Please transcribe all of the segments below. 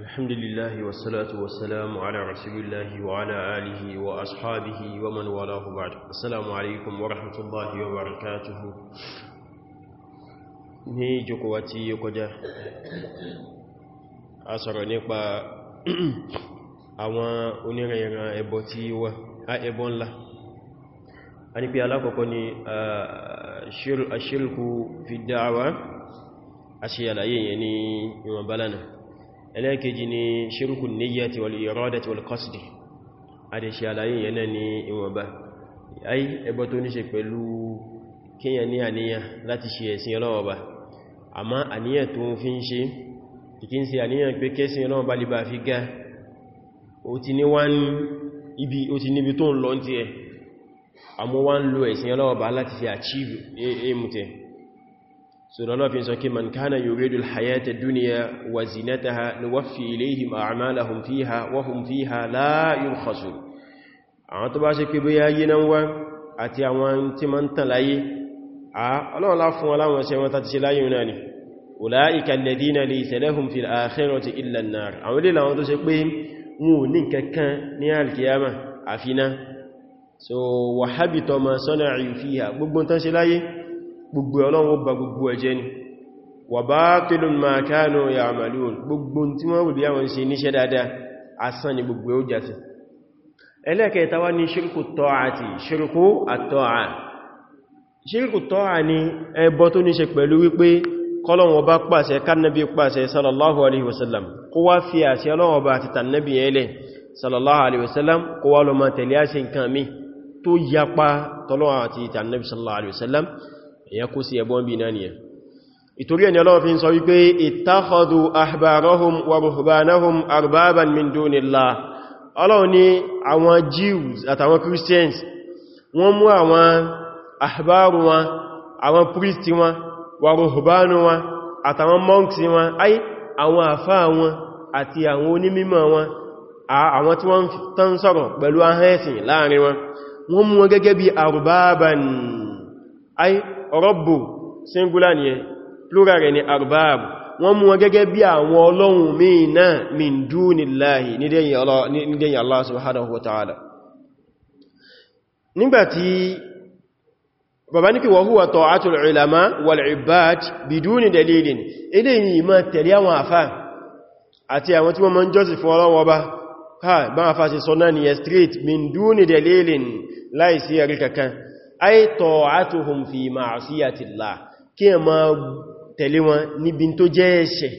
الحمد لله والصلاة والسلام على رسول الله وعلى آله وأصحابه ومن والاه بعد السلام عليكم ورحمة الله وبركاته ní jókòó tí ó kọjá a sọ̀rọ̀ nípa àwọn onírìnrìn ẹbọ tí wà a ẹbọ ńlá a ní pé alákọ̀ọ́kọ́ ni ashirku fi da'wa a ṣe àlàyé yẹn ní ìwọ̀nbálánà ẹlẹ́ẹ̀kejì ni ṣirukun niyyati wal iradati wal qasdi adẹ̀ṣe àlàyé yẹn ní ìwọ̀nba ayi ẹbọ tó ní ṣe pẹ̀lú kíyàn ní àníyàn láti ṣe ẹ̀sìn ọlọ́wọ̀ba àmá àníyàn tó ibi ó ti níbi tó ń lọ ti ẹ̀ سنالله في سكي من كان يريد الحياة الدنيا وزينتها نوفي إليهم أعمالهم فيها وهم فيها لا ينخسون àwọn tó bá ṣe pé bóyá yí náà wá àti àwọn tí ma ń tàn láyé ọlọ́run lá fún wọ́n tàti ṣe láyé náà àwọn ilé làwọn ṣe pé wọn ò ní kankan ní alkiyama àfiná ma sana'u fiha gbogbo tán ṣe gbogbo ọlọ́run ó ba gbogbo ẹ̀jẹ́ ni wa batilun ma kanu ya'malun gbogbo tí wọ́n wùlú yàwọn ṣe níṣẹ́ dáadáa asán ni gbogbo ó jásí ẹlẹ́kẹta wá ṣírkù tọ́àtì ṣírkù àtọ́à tó yapa tọ́lọ́wọ̀ àti tànàbí sallallahu alaihi wasallam èyàn kó sí ẹbọ́n bí náà nìyàn ìtorí ẹni Ọlọ́run fi ń sọ wípé ittakhadhu ahbarahum wa ruhbanahum arbaban min dunillah Ọlọ́run ni àwọn Jews àtàwọn Christians wọ́n mú àwọn ahbaru wọn àwọn priest wọn wa ruhbanu wọn àtàwọn monks wọn ay àwọn àfá wọn àti àwọn onímímọ̀ wọn àwọn tí wọ́n tán sọ̀rọ̀ pẹ̀lú ahẹ́sìn láàrin wọn wọ́n mú wọn gẹ́gẹ́ bí arbaban ay rọ́bù singular ni ẹ plural ni arbab wọ́n mú wọn gẹ́gẹ́ bí àwọn ọlọ́run míì náà min Allah subhanahu wa ta'ala nígbàtí bàbá ní kí wọ́n ta'atul wal biduni dalilin ilé yìí ma tẹ̀lé àwọn àfá àti àwọn tí wọ́n mọ́ jọ́sìn fún ha bá àfá sí sọ náà straight min dúni dalilin láìsí ay ta'atuhum fi ma'siyatillah kí ẹ máa tẹ̀lé wọn níbi tó jẹ́ ẹ̀ṣẹ̀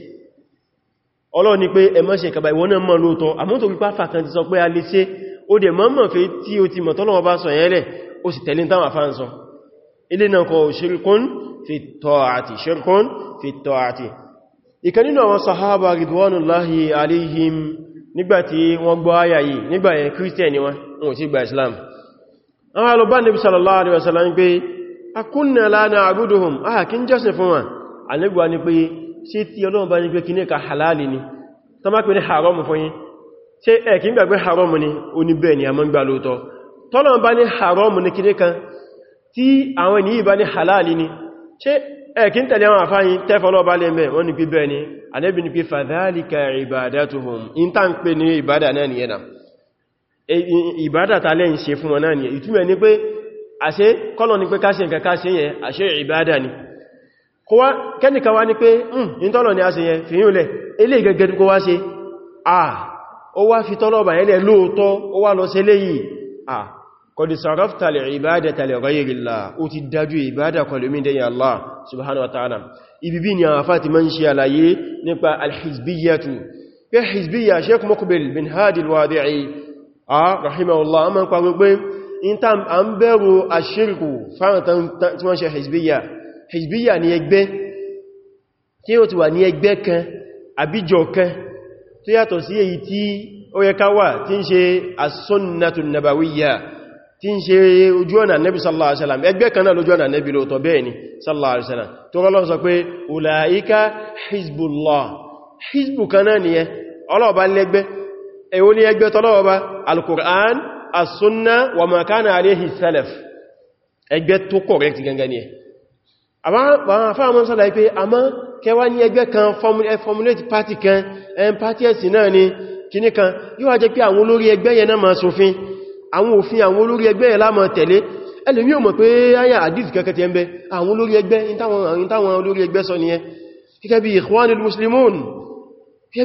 Ọlọ́run ní pé ẹ má ṣe kàbà ìwọ̀n náà mọ́ lóòtọ́ àmọ́ tó pípá fàkan ti sọ pé a lè ṣe ó dẹ̀ mọ́mọ̀ fẹ́ tí ó ti mọ̀tọ́lọ́wọ́ bá sọ yẹ́lẹ̀ ó sì tẹ̀lé táwọn afá ń sọ ilé náà kọ shirkun fi ta'ati shirkun fi ta'ati ìkan nínú sahaba ridwanullahi alaihim nígbàtí wọ́n gbọ́ ayayi nígbà yẹn kírísítẹ̀ ni wọ́n wọ́n ti gba islam àwọn alọ́bá níbi sallallahu alaihi wasallam pé a kúnnà lánà àbúdùhùn aha kí n jẹ́sìn fún wa alẹ́gbà ní pé sí tí ọlọ́run bá ní pé kìní ka halali ni ta má pè ní haramu fún yín ṣe ẹ̀ kí n gbàgbé haramu ni ó ní bẹ́ẹ̀ ni a mọ́gbà lóòtọ́ E, ìbádàtà lẹ́yìn ṣe fún wọn náà ni ìtumẹ̀ ní pé àṣẹ kọ́lọ̀ ní pé káṣẹ nǹkan káṣẹ yẹn àṣẹ ìbádà ni kẹ́nìkan wá ní pé hmm, ní tọ́lọ̀ ni a ṣe yẹn fìyìn olẹ̀ ilé ìgẹ́gẹ́ tó wá ṣe àà ó wá fi tọ́lọ̀ bà yẹn lóòótọ́ ó wá lọ ṣe léyìí àà kọ̀dì sàrọ́fta lè ìbádà tàlẹ̀ ọ̀rọ̀yẹ̀rìlá ó ti dájú ìbádà kọlùmí dẹ̀yìn Allah Ah, rahimahullah a ma ń pa gbogbo in ta a ń bẹ̀rù aṣírkù fáwọn tí wọ́n ṣe hezbiya hezbiya ni ẹgbẹ́ tí ó ti wà ní ẹgbẹ́ kan àbíjọ kan tó yàtọ̀ sí èyí tí ó yẹ káwà tí ń ṣe as-sunnatu nabawiyya tí ń ṣe ojú ọ̀nà nẹ́bí sallallahu alaihi wasallam ẹgbẹ́ kan náà lójú ọ̀nà nẹ́bí lóòtọ́ èwo ni ẹgbẹ́ tọ́lọ́wọ́ bá al-Qur'an as-sunna wa ma kana alayhi salaf ẹgbẹ́ tó correct gangan ni ẹ àfáàmọ́ sọ́lá ipé àmọ́ kẹwa ní ẹgbẹ́ kan formulate party kan ẹn party ẹ̀sìn náà ni kíní kan yíwa jẹ́ pé àwọn olórí ẹgbẹ́ yẹn náà ma ṣòfin àwọn òfin àwọn olórí ẹgbẹ́ yẹn láàmọ̀ tẹ̀lé ẹlòmí ò mọ̀ pé àyà àdìsì kẹ́kẹ́ ti ẹgbẹ́ àwọn olórí ẹgbẹ́ ìtàwọn olórí ẹgbẹ́ sọ nìyẹn gẹ́gẹ́ bí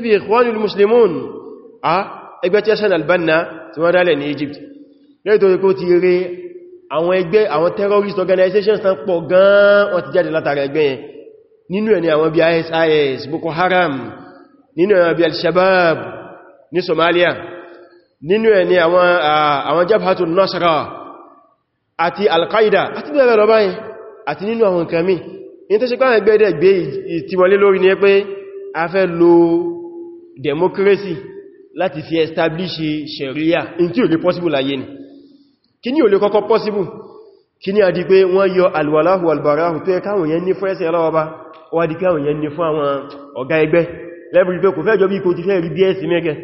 bí Ikhwanul Muslimun Ah, ẹgbẹ́ tí ẹsẹ̀ Al-Banna tí wọ́n dálẹ̀ ní Egypt lẹ́tọ́ ikú ti rí àwọn ẹgbẹ́ àwọn terrorist organizations tán pọ̀ gan wọ́n ti jáde látara ẹgbẹ́ yẹn nínú ẹ̀ ni àwọn bí ISIS Boko Haram nínú ẹ̀ bí al Shabab, ní Somalia nínú ẹ̀ ni àwọn ah, Jabhatun Nusra àti Al-Qaeda àti bẹ̀rẹ̀ lọ báyìí àti nínú àwọn nǹkan mi in tó ṣe pàwọn ẹgbẹ́ ẹgbẹ́ ìtìwọlé lórí ni pé a fẹ́ lo democracy láti fi establish sharia in tí ò lè possible ayé ni kí ní ò lè kọ́kọ́ possible kí a àdí pé wọ́n yọ alwalahu albarahu tó yẹ káwọn yẹn ní fún ẹsẹ̀ aláwọ́bá wà dí káwọn yẹn ní fún àwọn ọ̀gá ẹgbẹ́ lẹ́bùrì pé kò fẹ́ jọ bí kò ti fẹ́ rí bí ẹ̀sì mẹ́gẹ́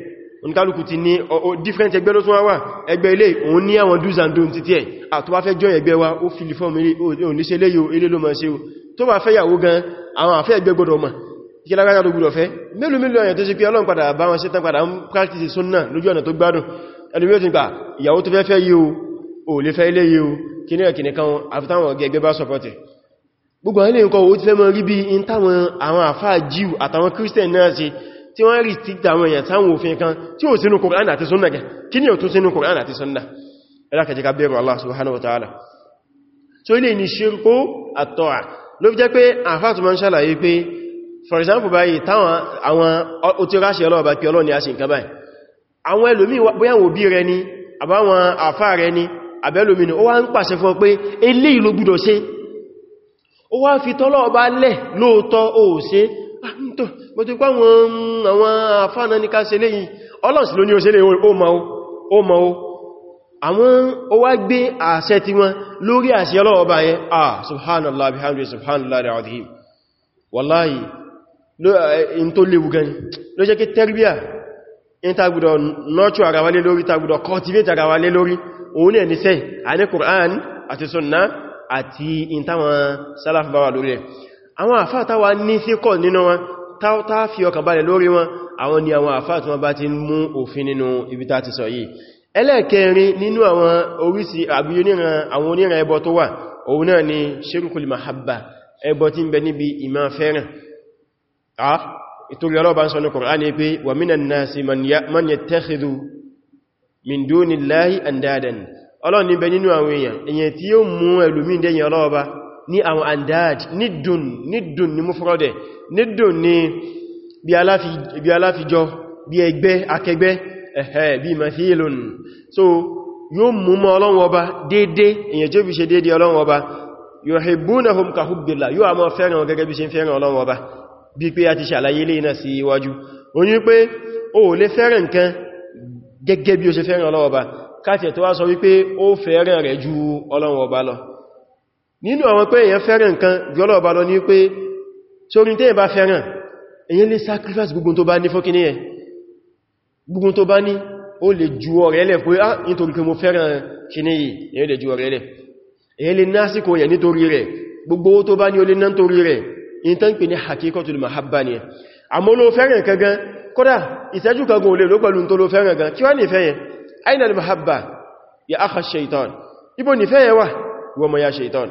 oníkálùkù ti ní different ẹgbẹ́ ló tún wá wà ẹgbẹ́ ilé òun ní àwọn do's and don'ts títí ẹ̀ àtọ́ wá fẹ́ jọ ẹgbẹ́ wa ó fìlì fọ́ọ̀mù ilé òun níṣẹ́ léyò ilé ló máa ṣe tó bá fẹ́ yàwó gan àwọn àfẹ́ ẹgbẹ́ gbọ́dọ̀ mọ̀ kí lágbàtà ló gbùdọ̀ fẹ́ mélòó mílò ẹ̀yàn tó ṣe pé Ọlọ́run padà bá wọn ṣe tán padà ń practice sunna lójú ọ̀nà tó gbádùn ẹlùmí ó ti gbà ìyàwó tó fẹ́ fẹ́ yíò ò lè fẹ́ ilé yíò kí ní ẹ̀kìnì kan àfitáwọn gẹ́gẹ́ bá sọpọ̀tẹ̀ gbogbo ilé nǹkan ó ti fẹ́ mọ́ rí bí in táwọn àwọn àfáà jíù àtàwọn kírísítẹ̀n náà ṣe tí wọ́n rí tí Allah subhanahu wa ta'ala so ni ṣirkó àtọ́à ló fi jẹ́ pé àfáà ń ṣàlàyé pé for example báyìí táwọn àwọn ó ti ráṣì ọlọ́ọ̀bá pí ọlọ́ni a ṣe nǹkan báyìí àwọn ẹlòmí bóyá wọ́n bí rẹ ni àbáwọn àfá rẹ ni àbẹ́lòmí ni ó wá ń pàṣẹ fún ọ pé eléyìí ló gbọ́dọ̀ ṣe ó wá fi tọ́lọ́ọ̀bá lẹ̀ lóòótọ́ ó ṣe ah, mo ti pa àwọn àfá náà ní ká ṣe léyìí ọlọ́sì ló ní ó ṣe léyìí ó mọ̀ ó mọ̀ ó àwọn ó wá gbé àṣẹ ti wọn lórí àṣẹ ọlọ́ọ̀bá yẹn ah subhanallah bihamdihi subhanallah alazim wallahi Eh, in tó léwu gan ló jẹ́ kí tẹ́rbíà in tagbùdọ̀ nọ́tù ara wa lé lórí tagbùdọ̀ cultivate ara wa lé lórí òun ní ẹnisẹ́ àní Kùrán àti Sunna àti in táwọn sálàfàbáwà lórí ẹ̀ àwọn àfáà táwa ní síkọ̀ nínú wọn táà fi ọkàn balẹ̀ lórí wọn àwọn ni àwọn àfáà tí wọ́n bá ti mú òfin nínú ibi tá ti sọ yìí ẹlẹ́ẹ̀kẹrin nínú àwọn oríṣi àbí àwọn oníran ẹbọ tó wà òun náà ni ṣirkul mahabba ẹbọ tí ń bẹ níbi ìmá fẹ́ràn Ah, ìtorí ọlọ́bà ń sọ ní Kùránì pé wà minan nasi man yattakhidhu min dunillahi andadan ọlọ́run ní bẹ nínú àwọn èèyàn èyàn tí yóò mú ẹlòmíì dẹ́yìn ọlọ́ọba ní àwọn andad nídùn nídùn ní múfúrọ́dẹ̀ nídùn ní bí aláfijọ́ bí ẹgbẹ́ akẹgbẹ́ ẹ̀hẹ́ bí mathilun so yóò mú mọ́ ọlọ́run ọba dédé èyàn tí ó fi ṣe dédé ọlọ́run ọba yuhibbunahum ka hubbillah yóò àmọ́ fẹ́ràn gẹ́gẹ́ bí ṣe fẹ́ràn ọlọ́run ọba bí pé a ti ṣàlàyé lè náà sí iwájú o ní pé o lè fẹ́rẹ̀ nǹkan gẹ́gẹ́ bí o ṣe fẹ́rẹ̀ Ọlọ́run Ọba káàkiri tó wá sọ wípé ó fẹ́rẹ̀ rẹ̀ ju Ọlọ́run lọ nínú àwọn pé èyàn fẹ́rẹ̀ nǹkan ju Ọlọ́run lọ ní pé sórí tẹ́yìn bá fẹ́rẹ̀ èyàn lè sacrifice gbogbo tó bá ní fún kíní ẹ̀ gbogbo tó bá ní ó lè ju ọ̀rẹ́ lẹ̀ pé ah nítorí pé mo fẹ́rẹ̀ in tán pè ní hakikotul mahabba ni e. àmọ́ ló fẹ́ràn kan gan kódà ìṣẹ́jú kan gùn olè ló pẹ̀lú tó ló fẹ́ràn gan kí wá ní fẹ́yẹn aina al mahabba ya akha shaitan ibo ní fẹ́yẹn wà wọ́n mọ̀ ya shaitan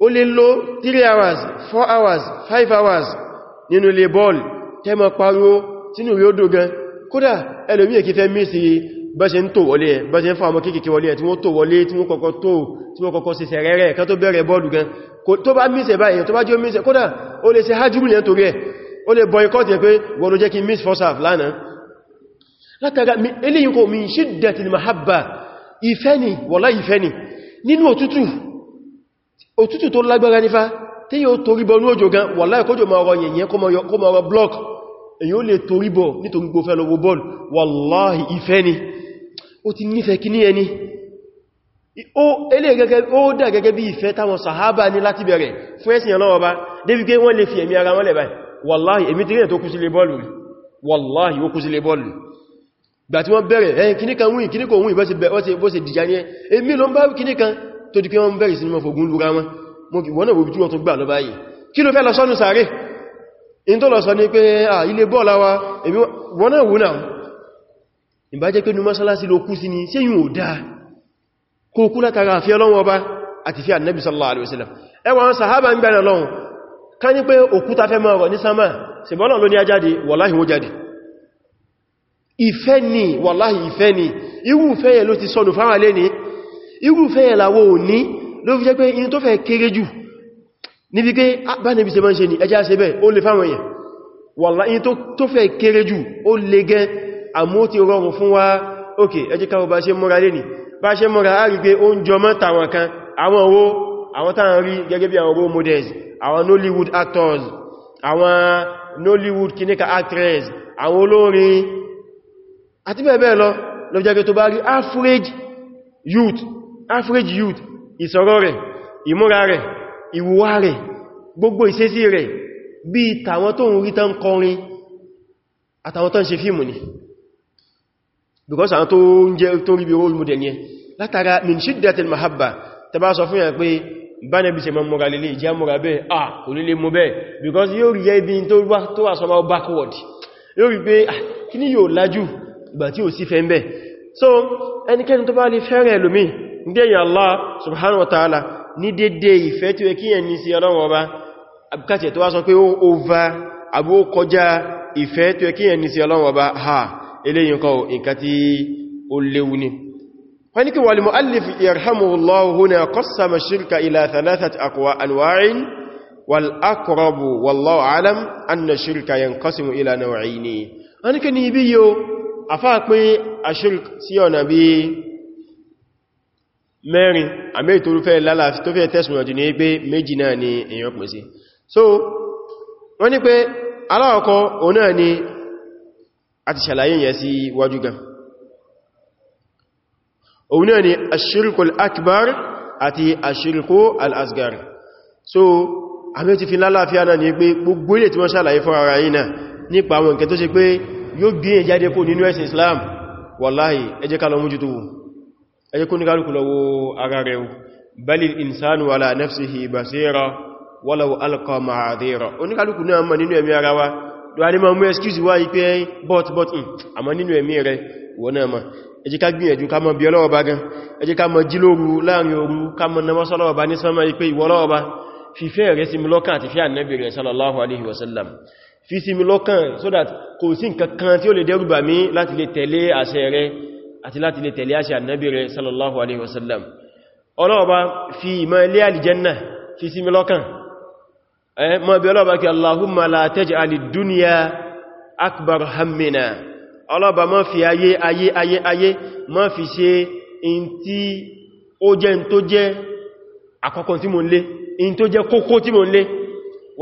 ó lè lò 3 hours 4 hours 5 hours nínú ilé bọ́ọ̀lù tẹ́mọ̀ pariwo tínú rí ó dò gan kódà ẹlòmí èkí fẹ́ mí bá ṣe ń tò wọlé ẹ̀ bá ṣe ń fún àwọn kéèkéé wọlé ẹ̀ tí wọ́n tò wọlé tí wọ́n kọ́kọ́ tó tí wọ́n kọ́kọ́ sẹsẹ̀ rẹ̀ rẹ̀ kan tó bẹ̀rẹ̀ bọ́ọ̀lù gan tó bá mísẹ̀ báyìí tó bá jẹ́ mísẹ̀ kódà ó lè ṣe hajjúmù yẹn torí ẹ̀ ó lè boycott yẹ pé wọ́n ló jẹ́ kí miss first half lánàá ni wọ́lá ìfẹ́ ni nínú òtútù òtútù tó lágbára nífà èyí ó lè torí bọ nítorí gbófẹ́ lọ wo bọ́ọ̀lù wọ́láhì ìfẹ́ ni ó ti nífẹ̀ẹ́ kíní ẹni ó elé gẹ́gẹ́ ó dà gẹ́gẹ́ bí ìfẹ́ táwọn sàhábà ní láti bẹ̀rẹ̀ fún ẹ̀sìn ọlọ́wọ́ bá débi pé wọ́n lè fi ẹ̀mí ara wọn lẹ̀ báyìí wàláhì èmi tí rẹ̀ tó kú sílé bọ́ọ̀lù wàláhì ó kú sílé bọ́ọ̀lù gbà tí wọ́n bẹ̀rẹ̀ ẹ̀yìn kíní kan wíìn kíní kò wíìn bó ṣe dìjà ní ẹ èmi ló ń bá sí ilé bọ́ọ̀lá ìbájẹ́ pé ní mọ́sálásí ló kú si ni ṣe yíò dáa kó kú látara àfíà Ọlọ́run ọba àti fi Nabi sallallahu alaihi wasallam ẹwà wọn sàhábà ń gbẹ̀rẹ̀ lọ́wọ́ ká ní pé òkúta fẹ́ mọ́ ọ̀rọ̀ ní sámà ṣìbọ́lọ̀ ló ni ni Ife ah, bá se ni ẹjá ṣe bẹ́ẹ̀ ó le fáwọn èèyàn tó fẹ́ kéré jù àmọ́ ti rọrùn fún wa ok ẹjí káwọ bá ṣe múra lẹ́ni bá ṣe múra á rí pé ó ń jọ mọ́ta àwọn kan àwọn owó àwọn tàà rí gẹ́gẹ́ bí àwọn role models àwọn Nollywood actors àwọn Nollywood kìníkà actress àwọn olórin àti bẹ́ẹ̀ bẹ́ẹ̀ lọ lọ tó bá rí average youth average youth ìsọ̀rọ̀ rẹ̀ ìmúra rẹ̀ ìwúwá rẹ̀ gbogbo ìṣesí rẹ̀ bí tàwọn tó ń rí tán kọrin àtàwọn tó ṣe fíìmù ni because àwọn tó ń jẹ́ tó rí bí role model yẹn látara min shiddatil mahabba ta bá sọ fún yà pé bánẹ̀bí se ma mọ́ra lè jẹ́ mọ́ra bẹ́ẹ̀ ah kò nílé mú bẹ́ẹ̀ because yóò rí ẹbí tó wá tó wà sọmọ́ backward yóò rí pé kí ní yóò lájú ìgbà tí ò sí fẹ́ mbẹ̀ so ẹnikẹ́ni tó bá lè fẹ́rẹ̀ lómi déyìn Allah subhanahu wa ta'ala ní dédé ìfẹ́ tí ó kí yẹn ní sí ọlọ́run ọba abúkàtẹ̀ tó wá sọ pé ó over àbó kọjá ìfẹ́ tí ó kí yẹn ní sí ọlọ́run ọba ha eléyìn kọ́ nǹkan tí ó léwu ni wọ́n ní kí wal mu'allif yarhamuhullahu huna qassama shirka ila thalathati aqwa anwa'in wal aqrabu wallahu a'lam anna shirka yanqasimu ila naw'ayni wọ́n ní kí ni ibi yóò afáàpín ashirk sí ọ̀nà bí mẹ́rin àmì ní wọ́n ní pé aláwọ̀kọ́ òun náà ni àti ṣàlàyé yẹ sí wájú gan òun náà ni ashirikul akbar àti ashiriku al'asgar so àmì ti fi lálàáfíà náà ni pé gbogbo ilé tí wọ́n ṣàlàyé fún ara yìí náà nípa àwọn nǹkan tó ṣe pé yóò gbé ẹ̀ jáde kó nínú ẹ̀sìn Islam wàláhì ẹ ká lọ mójútó ẹ jẹ́ kó ní lọ wo ara rẹ̀ balil insanu wala nafsihi basira walau alqa ma'adira oníkálùkù náà mọ̀ nínú ẹ̀mí ara wa do ani ma mú excuse wá ipe but but mm àmọ́ nínú ẹ̀mí rẹ̀ wọ́n náà ma ẹ jẹ́ ká gbìyànjú ká mọ̀ bí Ọlọ́run ba gan ẹ jẹ́ ká mọ̀ jí lóru láàrin òru ká mọ̀ na mo so Ọlọ́run ba ni sama ipe ìwọ Ọlọ́run ba fi fẹ́ rẹ̀ so that kò sí nǹkan kan tí ó lè dẹ́rù bà mí láti lè tẹ̀lé àṣẹ rẹ̀ àti láti lè tẹ̀lé àṣẹ Ànábì rẹ̀ sallallahu alaihi wasallam Ọlọ́run ba fi ìmọ̀ ilé aljanna fi sí lọ́kàn Eh, mọ́ bí ọlọ́bà kí Allahumma la taj'ali dunya akbar hammina ọlọ́bà mọ́ fi ayé ayé ayé ayé mọ́ fi ṣe in tí ó jẹ́ in tó jẹ́ àkọ́kọ́ tí mo ń lé in tó jẹ́ kókó tí mo ń lé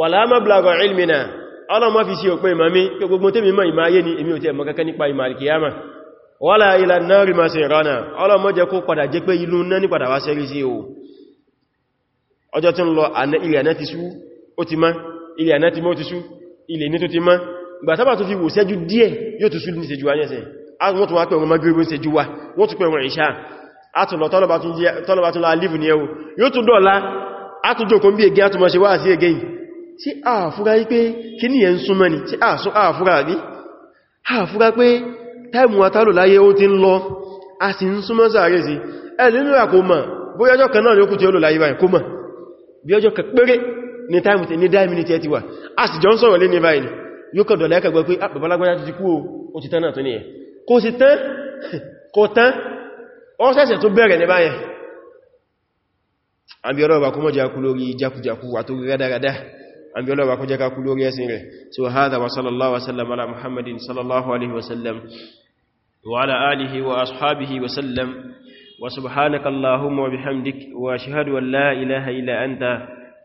wala mablagha ilmina ọlọ́ mọ́ fi ṣe òpin ìmami pé gbogbo tí mi mọ́ ìmá ayé ni èmi ò tẹ́ mọ́ kankan nípa ìmá alkiyama wala ila nari masirana ọlọ́ mọ́ jẹ́ kó padà jẹ́ pé ìlú náà ní padà wá sẹ́rí sí o ọjọ́ tí ń lọ ilẹ̀ náà ti sú ó ti má ilẹ̀ àná ti mọ́ ti sú ilẹ̀ ní tó ti má gbàtàbà tó fi wò sẹ́jú díẹ̀ yóò tó sú ní ìṣẹ́jú ayẹ́sẹ̀ wọ́n tún wá pẹ̀ wọn magribu ìṣẹ́jú wa wọ́n tún pẹ̀ wọn ìṣá àtùnlọ tọ́lọ̀bá tún láàlìfù a fúra yí pé kí ní a a a fúra pé a sì ń súnmọ́ sàárè sí ẹ̀ nínú àkómọ̀ bóyá ọjọ́ kan náà ni ó kù tí ó lò láyé báyìí kó mọ̀ bí ọjọ́ kan péré ní time ní dáìmì ní tẹ́ẹ̀tí wà a sì jọ ń sọ̀rọ̀ lé ní báyìí yóò kọ̀ dọ̀lẹ́ ẹ̀kà pé ah, babalágbájá ti kú o ti tán náà tó ní ẹ̀ kò sí tán kò tán ó ṣẹ̀ṣẹ̀ tó bẹ̀rẹ̀ ní báyìí àbí ọlọ́ọ̀bà kó mọ́já kú lórí jákújákú wà tó rádáradá àbí ọlọ́ọ̀bà kó wa sallallahu wa sallam ala muhammadin sallallahu alaihi wa sallam alihi wa ashabihi wa wa subhanakallahumma wa bihamdik wa ashhadu an la illa anta